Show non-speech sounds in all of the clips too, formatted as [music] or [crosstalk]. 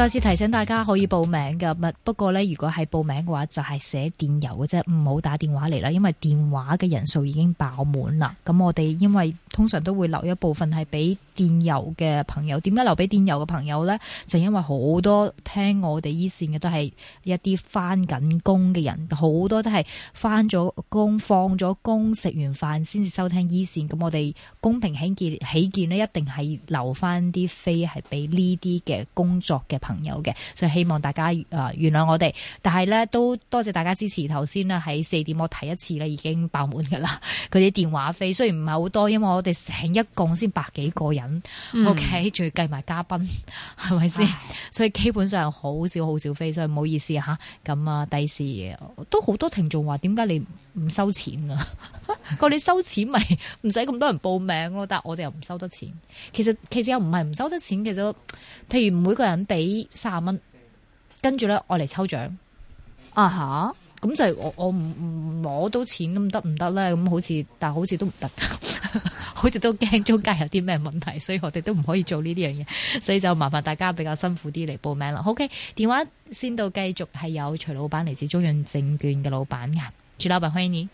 再次提醒大家可以報名噶，不過呢，如果係報名嘅話就係寫電郵嘅啫，唔好打電話嚟啦，因為電話嘅人數已經爆滿啦。咁我哋因為通常都會留一部分係俾電郵嘅朋友，點解留俾電郵嘅朋友呢？就是，因為好多聽我哋 E 線嘅都係一啲翻緊工嘅人，好多都係翻咗工，放咗工，食完飯先至收聽 E 線。咁我哋公平起見，起見咧一定係留翻啲飛係俾呢啲嘅工作嘅朋友嘅，所以希望大家啊，呃、原諒我哋。但係呢，都多謝大家支持，頭先咧喺四點我睇一次咧已經爆滿噶啦佢啲電話飛雖然唔係好多，因為我哋成一共先百幾個人。O K，仲要計埋嘉賓，係咪先？唉所以基本上好少好少飛，所以唔好意思吓。咁啊，第時嘢都好多聽眾話，點解你唔收錢啊？佢話 [laughs] 你收錢咪唔使咁多人報名咯。但係我哋又唔收得錢。其實其實又唔係唔收得錢。其實譬如每個人俾卅蚊，跟住咧我嚟抽獎。啊哈！咁就係我我唔唔攞到錢咁得唔得咧？咁好似但好似都唔得，好似都驚中介有啲咩問題，所以我哋都唔可以做呢啲樣嘢，所以就麻煩大家比較辛苦啲嚟報名啦。OK，電話先到，繼續係有徐老闆嚟自中潤證券嘅老闆噶，徐老闆歡迎你。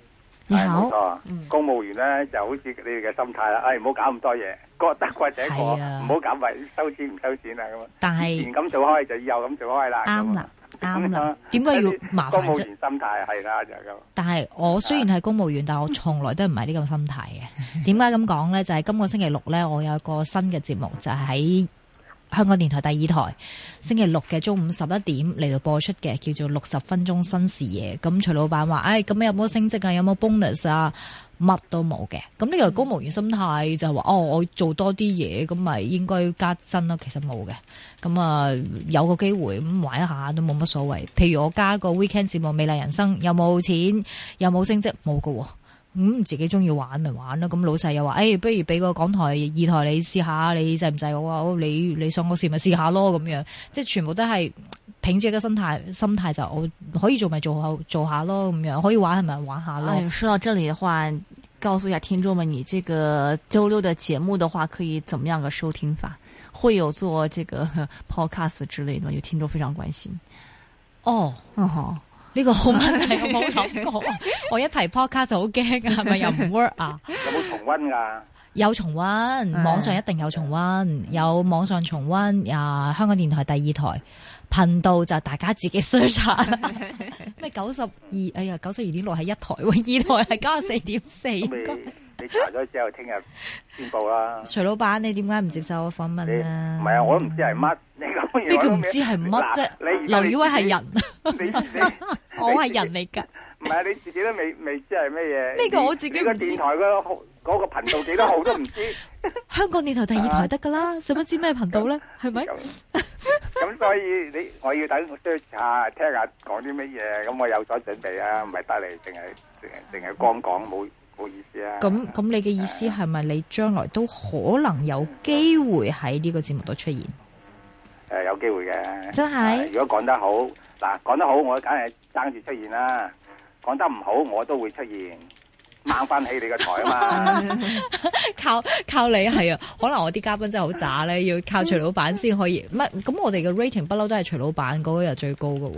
你好，冇錯，公務員咧就好似你哋嘅心態啦，誒唔好搞咁多嘢，個德貴者一個，唔好搞埋收錢唔收錢啊咁。但係咁做開就以後咁做開啦。啱啦。啱啦，點解要麻煩啫？公務員心態係啦，就咁。但係我雖然係公務員， [laughs] 但係我從來都唔係呢個心態嘅。點解咁講呢？就係、是、今個星期六呢，我有個新嘅節目，就係、是、喺香港電台第二台星期六嘅中午十一點嚟到播出嘅，叫做《六十分鐘新事野》。咁徐老闆話，誒、哎，咁有冇升職啊？有冇 bonus 啊？乜都冇嘅，咁呢個公務員心態就係、是、話哦，我做多啲嘢咁咪應該加薪囉。其實冇嘅，咁、嗯、啊有個機會咁玩一下都冇乜所謂。譬如我加個 weekend 節目《美麗人生》，又冇錢，又冇升職，冇噶。咁、嗯、自己中意玩咪玩咯，咁老細又話，誒、欸，不如俾個港台二台你試下，你制唔制？哇，你你上個試咪試下咯，咁樣，即係全部都係憑住一個心態，心態就是、我可以做咪做下做，做下咯，咁樣可以玩係咪玩下咯？誒、哎，說到這裏嘅話，告訴一下聽眾們，你這個周六的節目的話，可以怎麼樣個收聽法？會有做這個 podcast 之類的，有聽眾非常關心。哦，嗯呢個好問題，我冇諗過。 [laughs] 我一提 podcast 就好驚，係咪 [laughs] 又唔 work 啊？有冇重温㗎？有重温， [laughs] 網上一定有重温， [laughs] 有網上重温。啊，香港電台第二台頻道就大家自己 search 啦。咩九十二？哎呀，九十二點六係一台，二 [laughs] [laughs] 台係加四點四。查咗之後，聽日宣布啦。徐老闆，你點解唔接受我訪問啊？唔係啊，我都唔知係乜。你講嘢，你唔知係乜啫。你以為係人？我係人嚟噶。唔係啊，你自己都未未知係乜嘢。呢個我自己唔知。你個電台個嗰個頻道幾多號都唔知。香港電台第二台得噶啦，使乜知咩頻道咧？係咪？咁所以你，我要等我 search 下聽下講啲乜嘢，咁我有所準備啊，唔係得你，淨係淨係淨係光講冇。唔好意思啊咁咁，你嘅意思係咪你將來都可能有機會喺呢個節目度出現？誒，有機會嘅。真係。如果講得好，嗱，講得好，我梗係爭住出現啦；講得唔好，我都會出現，掹翻起你個台啊嘛！靠靠，你係啊？可能我啲嘉賓真係好渣咧，要靠徐老闆先可以。乜咁？我哋嘅 rating 不嬲都係徐老闆嗰日最高嘅。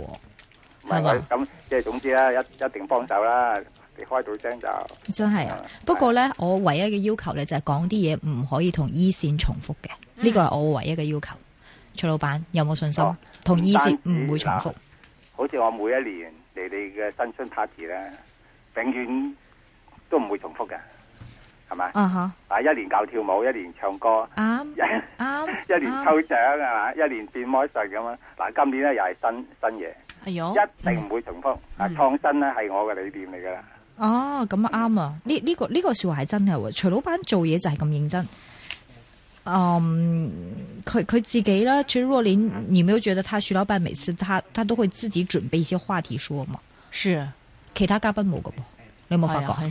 係咁即係總之啦，一一定幫手啦。開到聲就真係啊！不過咧，我唯一嘅要求咧就係講啲嘢唔可以同二線重複嘅，呢個係我唯一嘅要求。徐老闆有冇信心？同二線唔會重複。好似我每一年嚟，你嘅新春 party 咧，永遠都唔會重複嘅，係咪？啊哈！啊，一年搞跳舞，一年唱歌，啱，一年抽獎啊，一年變魔術咁啊！嗱，今年咧又係新新嘢，係一定唔會重複。創新咧係我嘅理念嚟噶啦。哦，咁啱啊！呢呢、嗯，這個呢、這個說話係真嘅喎，徐老闆做嘢就係咁認真。嗯、呃，佢佢自己啦，徐若琳，你有冇覺得他徐老闆每次他他都會自己準備一些話題說嘛？是，其他嘉賓冇㗎噃。你冇發覺？哎、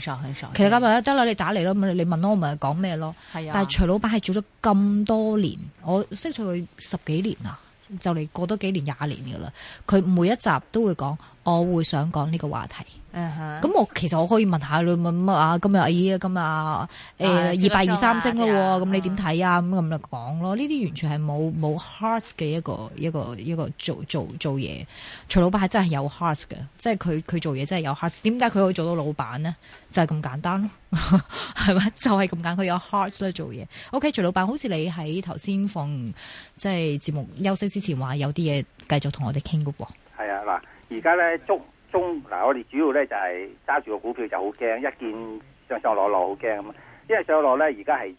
其他嘉賓得啦，你打嚟咯，你你問我，我，咪講咩咯。係啊。但係徐老闆係做咗咁多年，我識咗佢十幾年啦，就嚟過多幾年廿年噶啦，佢每一集都會講。我會想講呢個話題。咁我、uh huh. 其實我可以問下你乜啊，今日阿姨啊咁啊，誒、欸 uh huh. 二百二三星咯喎，咁、uh huh. 你點睇啊？咁咁嚟講咯，呢啲完全係冇冇 hearts 嘅一個一個一個做做做嘢。徐老闆係真係有 hearts 嘅，即係佢佢做嘢真係有 hearts。點解佢可以做到老闆呢？就係咁簡單咯，係咪？就係咁簡單，佢 [laughs] [laughs] 有 hearts 咧做嘢。OK，徐老闆，好似你喺頭先放即係節目休息之前話有啲嘢繼續同我哋傾嘅噃。係啊，嗱。而家咧中中嗱，我哋主要咧就係揸住個股票就好驚，一見上上落落好驚咁。因為上落咧，而家係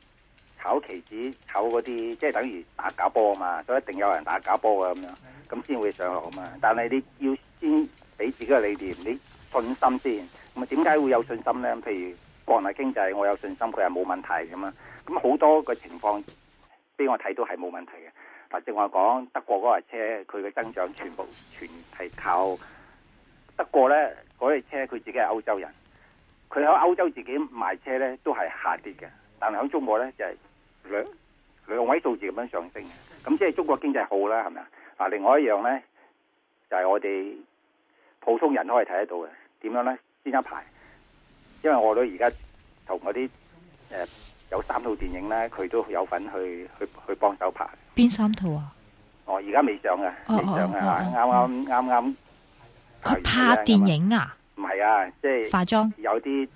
炒期指、炒嗰啲，即係等於打假波啊嘛，所以一定有人打假波啊咁樣，咁先會上落啊嘛。但係你要先俾自己個理念，你信心先。咁啊，點解會有信心咧？譬如國內經濟，我有信心佢係冇問題噶嘛。咁好多個情況，俾我睇都係冇問題嘅。嗱，正話講德國嗰架車，佢嘅增長全部全係靠德國咧。嗰架車佢自己係歐洲人，佢喺歐洲自己賣車咧都係下跌嘅。但係喺中國咧就係兩兩位數字咁樣上升嘅。咁即係中國經濟好啦，係咪啊？嗱，另外一樣咧就係、是、我哋普通人都可以睇得到嘅。點樣咧？先一排，因為我都而家同嗰啲誒有三套電影咧，佢都有份去去去幫手拍。邊三套啊？哦，而家未上嘅，未上啊！啱啱啱啱，佢剛拍電影啊？唔係啊，即係化妝有啲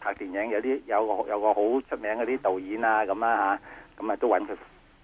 拍電影，有啲有個有個好出名嗰啲導演啊，咁啊吓，咁啊都搵佢。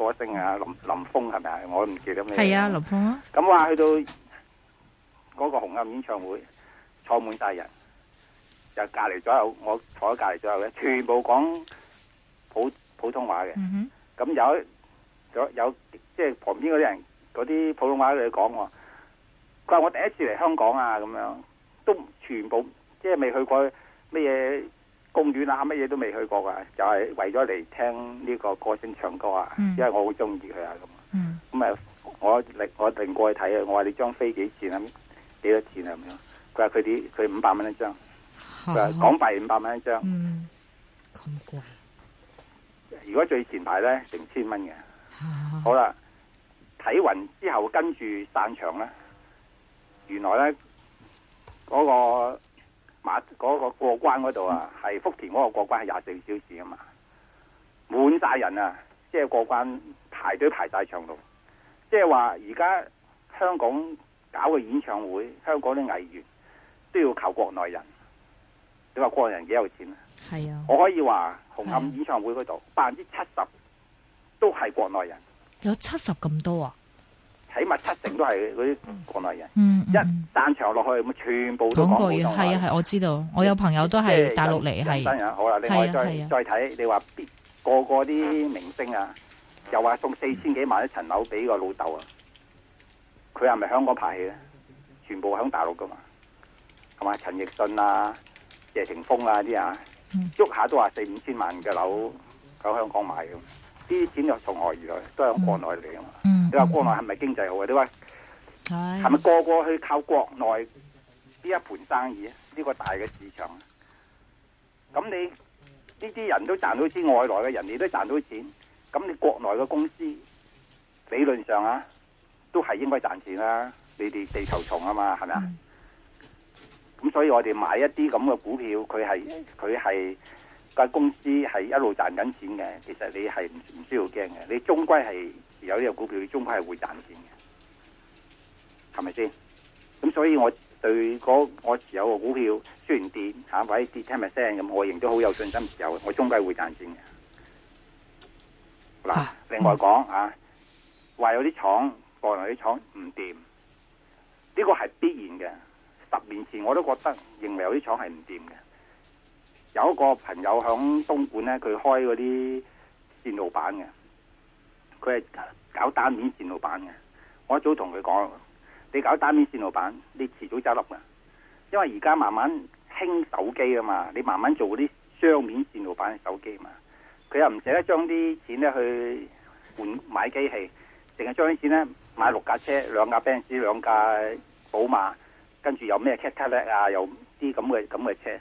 歌星啊，林林峰係咪啊？我唔記得咩。係啊，林峰。咁話去到嗰個紅磡演唱會，坐滿大人，就隔籬左右，我坐喺隔籬左右咧，全部講普普通話嘅。咁、嗯、哼有有即係、就是、旁邊嗰啲人，嗰啲普通話嚟講喎。佢話我第一次嚟香港啊，咁樣都全部即係未去過乜嘢。公園啊，乜嘢都未去過噶，就係、是、為咗嚟聽呢個歌星唱歌啊，嗯、因為我好中意佢啊咁。咁啊、嗯，我我一定過去睇啊，我話你張飛幾錢啊？幾多錢啊咁樣？佢話佢啲佢五百蚊一張，啊、港幣五百蚊一張。咁貴、嗯？如果最前排咧成千蚊嘅。0, 啊、好啦，睇完之後跟住散場啦。原來咧嗰、那個。嗰個過關嗰度啊，係福田嗰個過關係廿四小時啊嘛，滿晒人啊，即係過關排隊排晒長龍，即係話而家香港搞嘅演唱會，香港啲藝員都要靠國內人，你話國內人幾有錢啊？係啊，我可以話紅磡演唱會嗰度百分之七十都係國內人，有七十咁多啊！起碼七成都係嗰啲國內人，嗯嗯、一單場落去咪全部都。講過啊，係係我知道，我有朋友都係大陸嚟，係。係啊好啦，另外的再的再睇，你話邊個個啲明星啊，又話送四千幾萬一層樓俾個老豆啊，佢係咪香港拍戲咧？全部響大陸噶嘛？同埋陳奕迅啊、謝霆鋒啊啲啊，喐、嗯嗯、下都話四五千萬嘅樓喺香港買嘅，啲錢又從何而來，都來，都響國內嚟啊。嗯你話國內係咪經濟好啊？你話係咪個個去靠國內呢一盤生意啊？呢個大嘅市場，咁你呢啲人都賺到錢，外來嘅人亦都賺到錢，咁你國內嘅公司理論上啊，都係應該賺錢啦。你哋地頭蟲啊嘛，係咪啊？咁所以我哋買一啲咁嘅股票，佢係佢係個公司係一路賺緊錢嘅，其實你係唔唔需要驚嘅。你終歸係。有呢個股票，你終歸係會賺錢嘅，係咪先？咁所以我對嗰、那個、我持有嘅股票，雖然跌，嚇、啊、位跌千 percent 咁我仍都好有信心有，有我終歸會賺錢嘅。嗱、啊，嗯、另外講啊，話有啲廠，話有啲廠唔掂，呢個係必然嘅。十年前我都覺得認為有啲廠係唔掂嘅。有一個朋友響東莞咧，佢開嗰啲電路板嘅。佢係搞單面線路板嘅，我一早同佢講，你搞單面線路板，你遲早執笠嘅，因為而家慢慢興手機啊嘛，你慢慢做啲雙面線路板嘅手機嘛，佢又唔捨得將啲錢咧去換買機器，淨係將啲錢咧買六架車、兩架 Benz、兩架寶馬，跟住有咩 catle 啊，有啲咁嘅咁嘅車，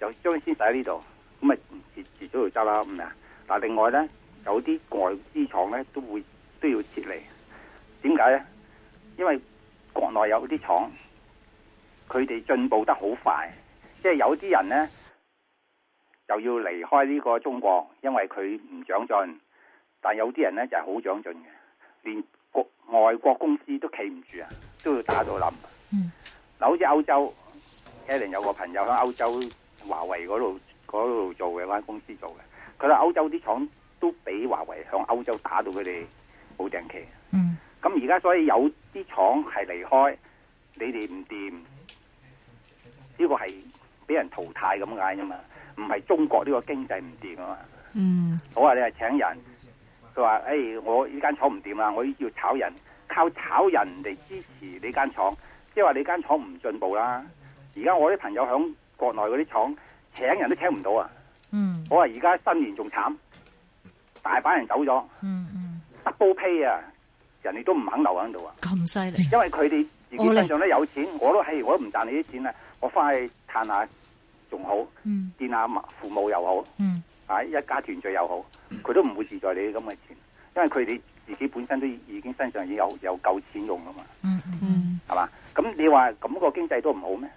就將啲錢使喺呢度，咁啊遲遲早要執笠，唔係啊？但係另外咧。有啲外資廠咧都會都要撤離，點解咧？因為國內有啲廠，佢哋進步得好快，即係有啲人咧就要離開呢個中國，因為佢唔長進。但有啲人咧就係好長進嘅，連國外國公司都企唔住啊，都要打到冧。嗱、嗯，好似歐洲，Karen 有個朋友喺歐洲華為嗰度嗰度做嘅，間公司做嘅，佢話歐洲啲廠。都俾華為向歐洲打到佢哋冇訂期。嗯，咁而家所以有啲廠係離開，你哋唔掂，呢個係俾人淘汰咁解啫嘛。唔係中國呢個經濟唔掂啊嘛。嗯，我話你係請人，佢話：誒，我呢間廠唔掂啦，我要炒人，靠炒人嚟支持你間廠。即係話你間廠唔進步啦。而家我啲朋友響國內嗰啲廠請人都請唔到啊。嗯，我話而家新年仲慘。大把人走咗，double pay 啊！人哋都唔肯留喺度啊，咁犀利。因為佢哋自己身上都有錢， [laughs] 我都係，我都唔賺你啲錢啊。我翻去探下仲好，嗯、見下父母又好，啊、嗯、一家團聚又好，佢、嗯、都唔會自在你啲咁嘅錢，因為佢哋自己本身都已經身上已有有夠錢用啊嘛。嗯嗯，係、嗯、嘛？咁你話咁個經濟都唔好咩？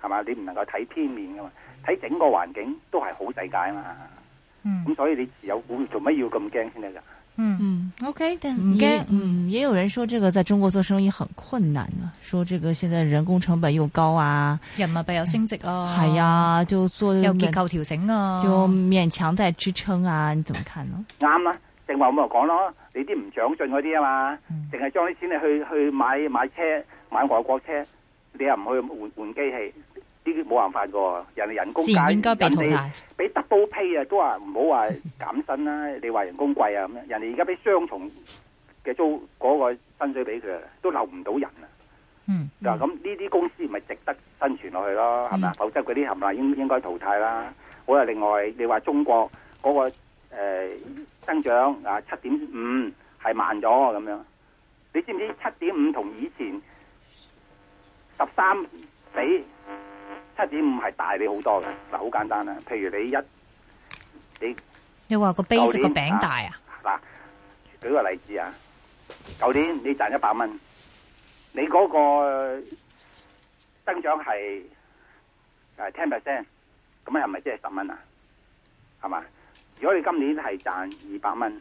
係嘛？你唔能夠睇片面噶嘛？睇整個環境都係好世界啊嘛！咁、嗯、所以你自有股做乜要咁驚先得㗎？嗯嗯，OK，但唔嗯驚，嗯也有人說這個在中國做生意很困難啊，說這個現在人工成本又高啊，人民幣又升值啊，係啊、嗯，就做有結構調整啊，就勉強在支撐啊，你怎麼看呢？啱啊、嗯，正話咁就講咯，你啲唔長進嗰啲啊嘛，淨係將啲錢你去去買買車買外國，國車，你又唔去換換機器。呢啲冇辦法噶，人哋人工加，但係俾 double pay 啊，都話唔好話減薪啦。你話人工貴啊咁樣，人哋而家俾雙重嘅租嗰個薪水俾佢，都留唔到人啊。嗯，嗱咁呢啲公司咪值得生存落去咯，係嘛，嗯？否則嗰啲冚唪唥應應該淘汰啦。好啦，啊，另外你話中國嗰、嗰個誒增、呃、長啊七點五係慢咗咁樣，你知唔知七點五同以前十三比？七點五係大你好多嘅，就好簡單啦。譬如你一你，你話個 base 個餅大啊？嗱，舉個例子啊，舊年你賺一百蚊，你嗰個增長係誒 ten percent，咁啊係咪即係十蚊啊？係嘛？如果你今年係賺二百蚊，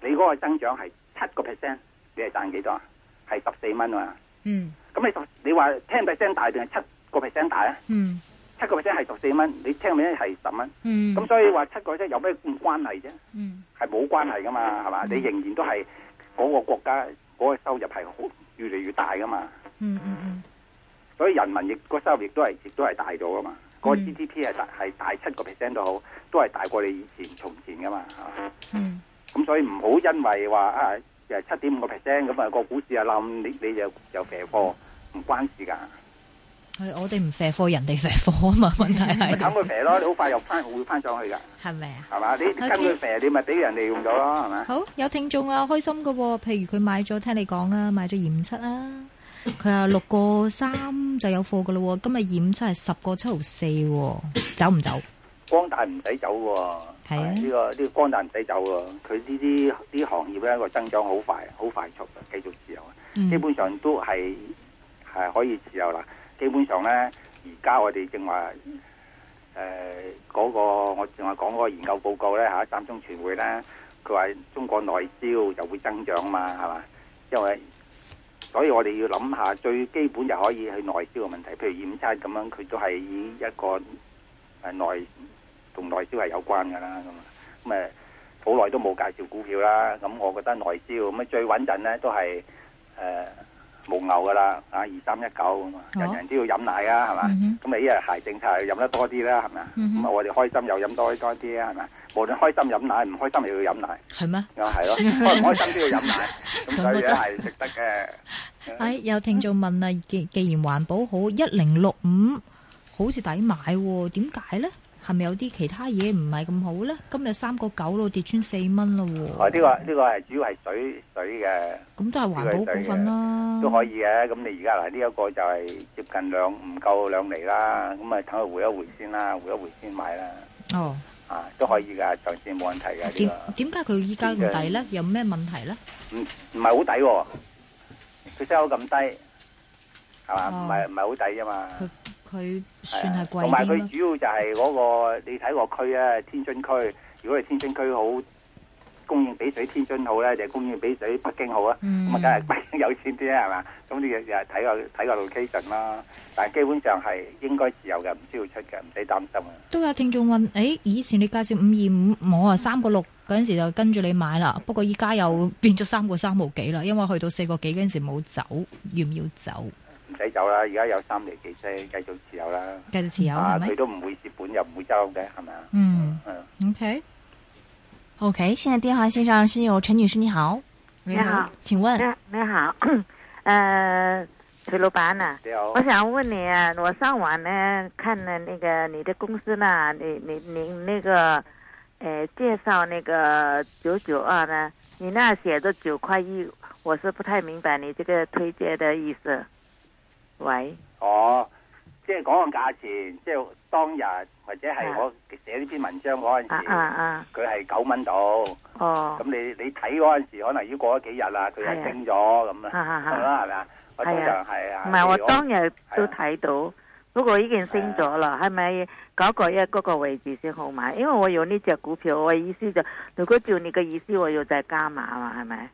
你嗰個增長係七個 percent，你係賺幾多啊？係十四蚊啊？嗯，咁你 10, 你話 ten percent 大定係七？個 percent 大啊！七個 percent 係十四蚊，你聽名係十蚊。咁、嗯、所以話七個 percent 有咩關係啫？係冇、嗯、關係噶嘛，係嘛？嗯、你仍然都係嗰個國家嗰個收入係越嚟越大噶嘛。嗯、所以人民亦個收入亦都係亦都係大咗噶嘛。嗯、個 GDP 係大係大七個 percent 都好，都係大過你以前從前噶嘛。咁、嗯嗯、所以唔好因為話啊，七點五個 percent 咁啊個股市啊冧，你你，你就就蝕貨，唔關事噶。我哋唔卸貨，人哋卸貨啊嘛，問題係。等佢啡咯，你好快又翻會翻上去噶。係咪啊？係嘛？你跟佢啡，你咪俾人哋用咗咯，係嘛？好，有聽眾啊，開心噶。譬如佢買咗，聽你講啊，買咗二五七啊，佢話六個三就有貨噶咯。今日二五七係十個七毫四，走唔走？光大唔使走。係啊，呢個呢個光大唔使走。佢呢啲啲行業咧，個增長好快，好快速，繼續自由。基本上都係係可以自由啦。基本上咧，而家我哋正話誒嗰個我正話講嗰個研究報告咧吓、啊，三中全會咧，佢話中國內銷就會增長嘛，係嘛？因為所以我哋要諗下最基本就可以去內銷嘅問題，譬如二五七咁樣，佢都係以一個係內同內銷係有關噶啦，咁啊咁啊好耐都冇介紹股票啦，咁我覺得內銷咁啊最穩陣咧都係誒。呃蒙牛噶啦，啊二三一九咁啊，人人都要飲奶啊，係嘛？咁你呢人鞋政策係飲得多啲啦，係嘛？咁我哋開心又飲多多啲啊，係嘛？無論開心飲奶，唔開心又要飲奶，係咩？又係咯，開唔開心都要飲奶，咁所以係值得嘅。哎，有聽眾問啦，既既然環保好，一零六五好似抵買，點解咧？係咪有啲其他嘢唔係咁好咧？今日三個九咯，跌穿四蚊啦喎！哦，呢個呢個係主要係水水嘅。咁都係環保股份咯，都可以嘅。咁你而家嗱，呢一個就係接近兩唔夠兩釐啦。咁啊，等佢回一回先啦，回一回先買啦。哦，啊，都可以噶，暫時冇問題嘅。點點解佢依家咁低咧？有咩問題咧？唔唔係好抵喎，佢收口咁低，係嘛？唔係唔係好抵啊嘛？佢算係貴啲，同埋佢主要就係嗰、那個你睇個區啊，天津區。如果係天津區好供應比水，天津好咧就供應比水北京好啊。咁啊、嗯，梗係北京有錢啲啊，係嘛？咁你又又係睇個睇個 location 啦。但係基本上係應該自由嘅，唔需要出嘅，唔使擔心啊。都有聽眾問，誒、欸，以前你介紹五二五，我啊三個六嗰陣時就跟住你買啦。不過依家又變咗三個三冇幾啦。因為去到四個幾嗰陣時冇走，要唔要走？睇走啦！而家有三年幾息，繼續持有啦。繼續持有，佢、啊、都唔會蝕本，又唔會收嘅，係咪啊？嗯。嗯。OK 嗯。OK。現在電話線上先有陳女士，你好。你好。請問你好。你、呃啊、好。徐老闆啦。你好。我想問你啊，我上網呢看了那個你的公司呢，你你你，你那個誒、呃、介紹那個九九二呢，你那寫着九塊一，我是不太明白你這個推介的意思。喂，哦，即係講個價錢，即、就、係、是、當日或者係我寫呢篇文章嗰陣時，佢係九蚊度。啊啊、哦，咁你你睇嗰陣時可能要過咗幾日啦，佢又升咗咁啦，係咪啊？係樣啊，唔、啊、係、啊、我，我當日都睇到，不過、啊、已經升咗啦，係咪？九個一嗰個位置先好買，因為我用呢隻股票，我意思就是，如果照你嘅意思，我要再加碼啊，係咪？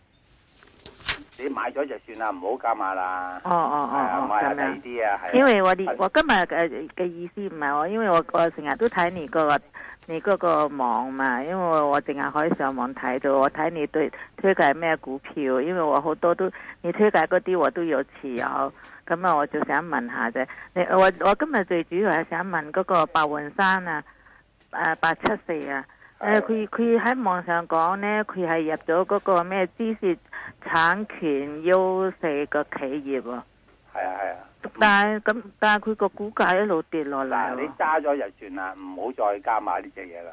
你買咗就算啦，唔好加碼啦、哦。哦哦哦哦，咁啊，因為我哋我今日嘅嘅意思唔係我，因為我我成日都睇你嗰個你個網嘛，因為我淨係可以上網睇到，我睇你對推介咩股票，因為我好多都你推介嗰啲我都有持有，咁啊我就想問下啫，你我我今日最主要係想問嗰個白雲山啊，誒、啊、八七四啊。誒，佢佢喺網上講咧，佢係入咗嗰個咩知識產權 U 四嘅企業啊。係啊，係啊。但係咁，但係佢個股價一路跌落嚟。你揸咗就算啦，唔好再加買呢隻嘢啦。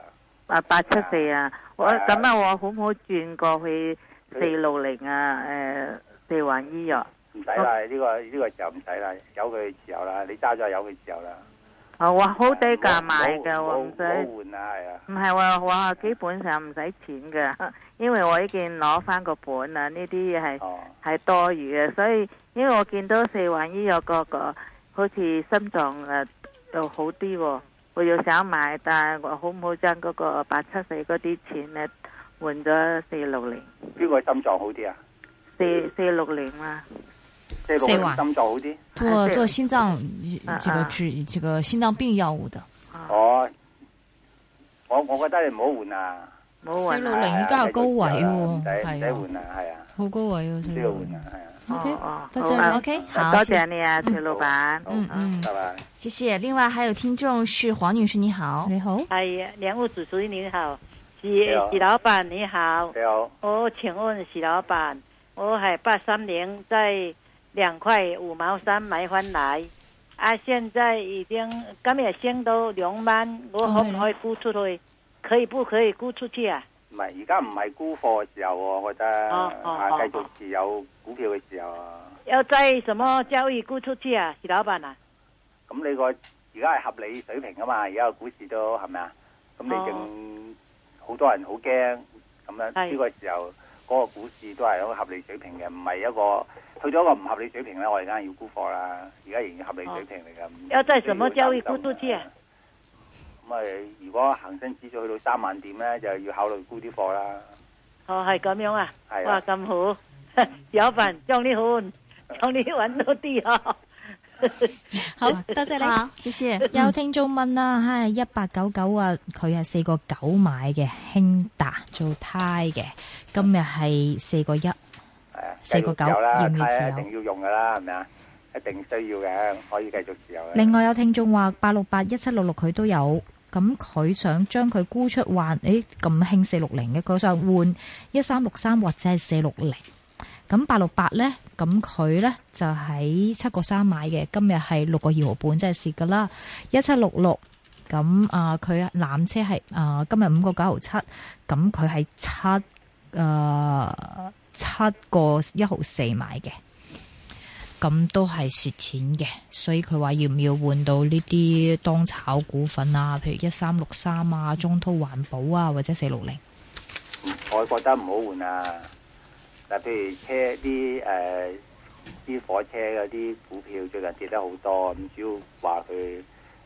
啊，八七四啊，我咁啊，我，啊我好唔好以轉過去四六零啊？誒他，四環、呃、醫藥。唔使啦，呢、哦這個呢、這個就唔使啦，由佢持有啦，你揸咗由佢持有啦。啊，哇，好低價買噶，我唔使，唔係喎，哇，基本上唔使錢噶，因為我已經攞翻個本啊，呢啲嘢係係多餘嘅，所以因為我見到四環醫藥嗰個，好似心臟誒就好啲，啊，我又想買，但係我好唔好將嗰個八七四嗰啲錢咧換咗四六零？邊個心臟好啲啊？四四六零啦。那個心就好啲，做做心臟，這個治這個心臟病藥物的。哦，我我覺得你唔好換啊，唔好換啊。六零而家係高位喎，係啊，好高位啊，O K，多謝你，O K，好，多謝你啊，崔老闆，嗯嗯，拜拜，謝謝。另外還有聽眾是黃女士，你好，你好，係梁屋主，主持你好，徐徐老闆你好，你好，我請問徐老闆，我係八三零在。兩塊五毛三買翻來，啊現在已經今日升到兩萬，我可唔可以沽出去？可以不可以沽出去啊？唔係而家唔係沽貨嘅時候，我覺得啊繼、啊啊啊、續持有股票嘅時候。啊。要在什麼交易沽出去啊？徐老闆啊？咁你個而家係合理水平啊嘛？而家個股市都係咪啊？咁你仲好多人好驚咁樣呢個時候。啊啊啊啊嗰個股市都係一個合理水平嘅，唔係一個去到一個唔合理水平咧。我而家要沽貨啦，而家仍然合理水平嚟㗎。哦、不要在什麼交易沽都知啊？咁啊，如果恒生指數去到三萬點咧，就要考慮沽啲貨啦。哦，係咁樣啊？啊哇，咁好，有份， [laughs] [laughs] 祝你好運，祝你搵到啲啊！ [laughs] 好，多謝，謝你好，謝謝。有聽眾問啊，係一八九九啊，佢係四個九買嘅，興達做 tie 嘅，今日係四個一，係啊，四個九，係一定要用噶啦，係咪啊？一定需要嘅，可以繼續持有。另外有聽眾話八六八一七六六，佢都有，咁佢想將佢沽出換，誒，咁興四六零嘅，佢想換一三六三或者係四六零。咁八六八咧，咁佢咧就喺七個三買嘅，今日係六個二毫半，即係蝕噶啦。一七六六，咁、呃、啊，佢纜車係啊、呃，今日五個九毫七，咁佢係七啊七個一毫四買嘅，咁都係蝕錢嘅，所以佢話要唔要換到呢啲當炒股份啊？譬如一三六三啊，中滔環保啊，或者四六零，我覺得唔好換啊。譬如車啲誒啲火車嗰啲股票最近跌得好多，咁主要話佢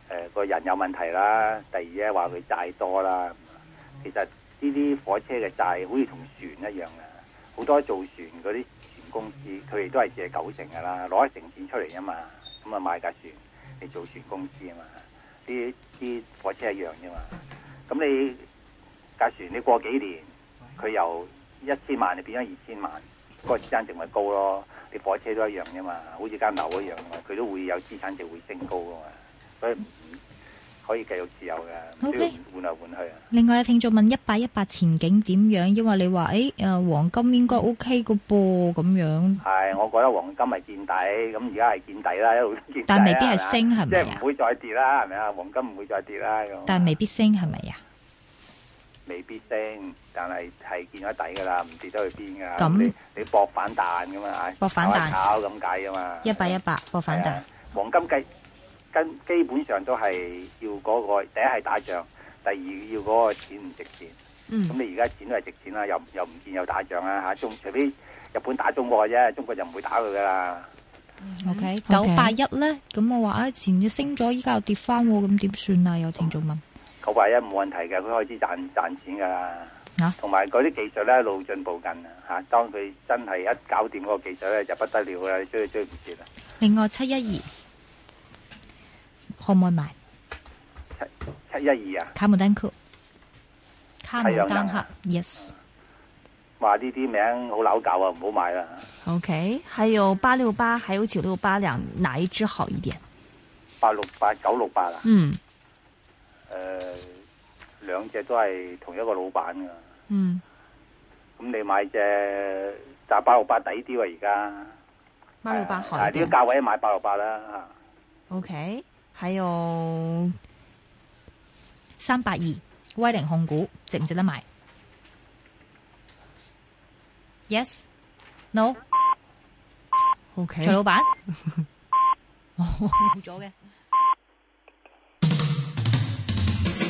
誒個人有問題啦，第二咧話佢債多啦。其實呢啲火車嘅債好似同船一樣嘅，好多造船嗰啲船公司，佢哋都係借九成㗎啦，攞一成錢出嚟啊嘛，咁啊買架船嚟造船公司啊嘛，啲啲火車一樣啫嘛，咁你架船你過幾年佢又？一千萬就變咗二千萬，嗰個資產值咪高咯？你火車都一樣啫嘛，好似間樓一樣啊，佢都會有資產值會升高噶嘛，所以可以繼續持有噶，只要換嚟換去。另外有聽眾問：一八一八前景點樣？因為你話誒誒黃金應該 OK 噶噃，咁樣。係，我覺得黃金係見底，咁而家係見底啦，一路見底啦。但未必係升係咪啊？即係唔會再跌啦，係咪啊？黃金唔會再跌啦。但未必升係咪呀？未必升，但係係見咗底噶啦，唔跌得去邊噶。咁你搏反彈噶嘛？吓，炒炒咁解噶嘛？一百一百搏反彈，黃金計跟基本上都係要嗰個第一係打仗，第二要嗰個錢唔值錢。嗯，咁你而家錢都係值錢啦，又又唔見有打仗啦吓，仲除非日本打中國啫，中國就唔會打佢噶啦。OK，九八一咧，咁我話啊，前日升咗，依家又跌翻，咁點算啊？有聽眾問。我話一冇問題嘅，佢開始賺賺錢噶啦，同埋嗰啲技術咧一路進步緊啊！吓、啊，當佢真係一搞掂嗰個技術咧，就不得了啊，追追唔住啦。另外七一二可唔可以買？七七一二啊？卡姆丹克，卡姆丹克，yes。話呢啲名好扭，舊啊，唔好買啦。OK，還有八六八，還有九六八，兩哪一支好一點？八六八九六八啊。嗯。誒，兩隻、呃、都係同一個老闆噶、嗯嗯。嗯。咁你買隻賺八六八抵啲喎，而家。八六八好啲。啊，只要價位買八六八啦。吓、啊 okay.。O K，還有三百二威靈控股值唔值得買？Yes？No？O K。徐、yes? no? Okay. 老闆。冇咗嘅。